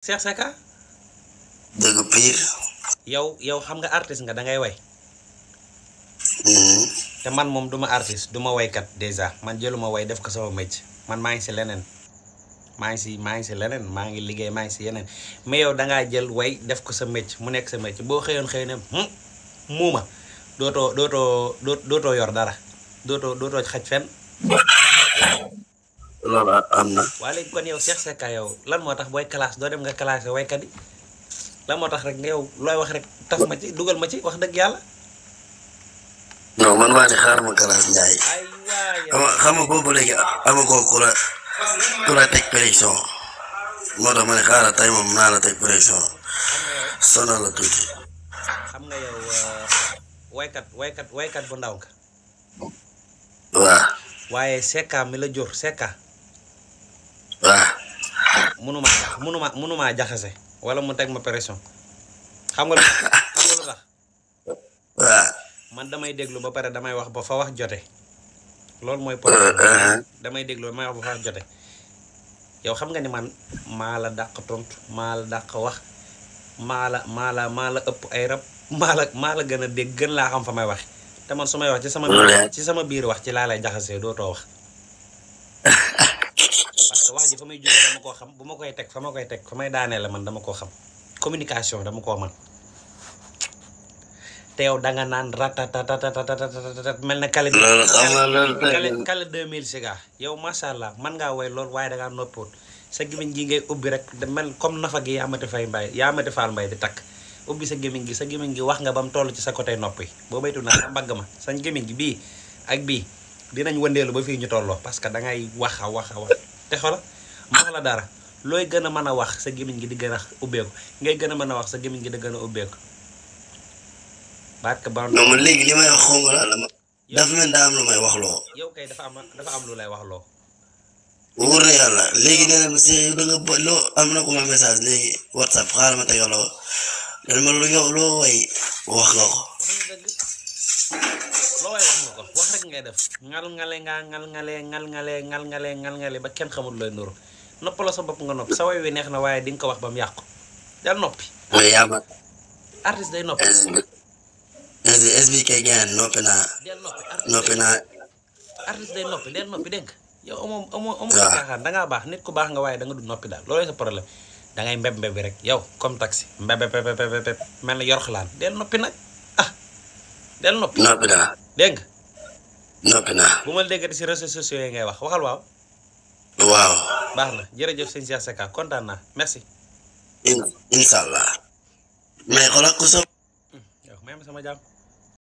Cheikh Secka. dëgg pire. yow yow xam nga artiste nga dangay way. Mm-hmm. te man moom duma artiste duma waykat déjà man jëluma way def ko sama métier man maa ngi si leneen maa ngi si maa ngi si leneen maa ngi liggéey maa ngi si yeneen mais yow dangaa jël way def ko sa métier mu nekk sa métier boo xëyoon xëy ne hmm, muuma dootoo dootoo dootoo yor dara dootoo xaj fenn. loolu am na. waa léegi kon yow Cheikh Seck yow lan moo tax booy classe doo dem nga classé waykat yi lan moo tax rek nga yow looy wax rek taf ci dugal ma ci wax dëgg yàlla. non man maa ne xaar ma classe Ndiaye. xam nga boobu léegi amagoo ku la ku la teg pression moo tax ma ne xaaral tey moom naa la teg pression sonal la tuuti. xam nga yow uh, waykat waykat waykat bu ndaw nga. waaw. waaye Secka mi jur Secka. mënuma mënuma mënuma jaxase wala mu teg ma pression xam nga xam man damay déglu ba pare damay wax ba fa jote loolu mooy problème damay déglu damay jote yow xam nga ni man maa la dàq tontu maa la dàq wax maa la maa la maa la ëpp ay rab maa la maa la gën a dégg gën laa xam fa may wax te man su may wax ci sama. ci sama biir wax ci laa lay jaxasee dootoo wax. te wax ji fa may jógee dama koo xam bu ma koy teg fa ma koy teg fa may daanee la man dama koo xam communication dama koo man te yow da nga naan ratatatatatatat mel na kale kale deux yow macha allah man ngaa woy lool waaye da ngaa noppoot sa gémmiñ gi ngay ubbi rek mel comme nafa gi yaamati fay mbay yaamati faal mbay di takk ubbi sa gémmiñ gi sa gémmiñ gi wax nga ba mu toll ci sa côté nopp yi boo baytu na sa mbagg ma sa gémmiñ gi bii ak bii dinañ wëndeelu ba fii ñu tolloo parce que da ngay wax a wax a wax te xoolal wax la dara looy gën a mën a wax sa gémmiñ gi di gën a ubbeeku ngay gën a mën a wax sa gémmiñ gi di gën a ubbeeku. barke ba non man léegi li may la ma. dafa mel daa am lu may dafa am lay wax loo. wóor na yàlla léegi nee na si da nga loo am na ko ma message léegi whatsapp xaaral ma tegal loo ma lu yow loo way wax nga ko. ngay def ngal ngale nga ngal ngale ngal ngale ngal ngale ngal ngale ba kenn xamul looy nuru noppaloo sa bopp nga nopp sa way wi neex na waaye di nga ko wax ba mu yàqu dal noppi artiste day noppi SBK gain noppi naa noppi naa artiste day noppi del noppi dégg yow amoo amoo amoo caaxaan da ngaa baax nit ku baax nga waaye da nga du noppi daal loolay sa problème da ngay mbeb mbeb rek yow comme taxi mbeb mbeb mbeb mel yor xalaan del noppi nag ah del noppi noppi daal dégg noppi naa. bu ma déggati si réseaux sociaux yi ngay wax waxal waaw. waaw. baax la jërëjëf sëñ Cheikh Seka kontaan naa merci. incha allah. mais xoolal ko so. Hmm, yow may ma sama jàmm.